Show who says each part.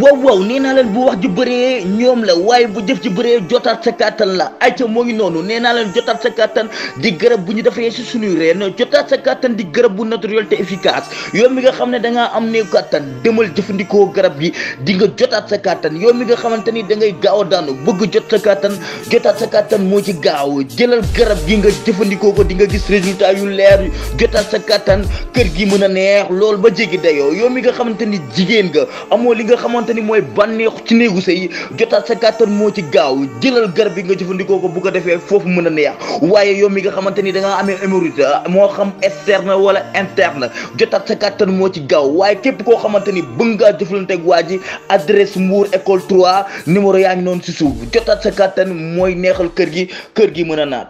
Speaker 1: waaw waaw nee naa leen bu wax ji bëree ñoom la waaye bu jëf ji bëree jotaat sa kàttan la ayca moo ngi noonu nee naa leen jotaat sa kàttan di garab bu ñu defee si suñuy reen jotaat sa kàttan di garab bu naturel te efficace yow mi nga xam ne da am néew kàttan demal jëfandikoo garab gi di nga jotaat sa kàttan yow mi nga xamante ni da ngay gaaw a daanu bëgg jot sa kàttan jotaat sa kàttan moo ci gaaw jëlal garab gi nga jëfandikoo ko di nga gis résultat yu leer jotaat sa kàttan kër gi mën a neex lool ba jéggi dayoo yow mi nga xamante ni jigéen nga amoo li nga xam xamanteni moy banex ci negu sey jotat sa gàttal mo ci gaaw jëlal garbi nga jëfëndiko ko bu ko défé fofu mëna a neex waaye yow mi nga xamanteni da nga amé hémorroïde mo xam externe wala interne jotat sa gàttal mo ci gaaw waye képp ko xamanteni bëgg ngaa jëflanteeg ak waji adresse mour école 3 numéro yaangi non ci suuf jotat sa gàttal moy neexal kër gi kër gi mën a naat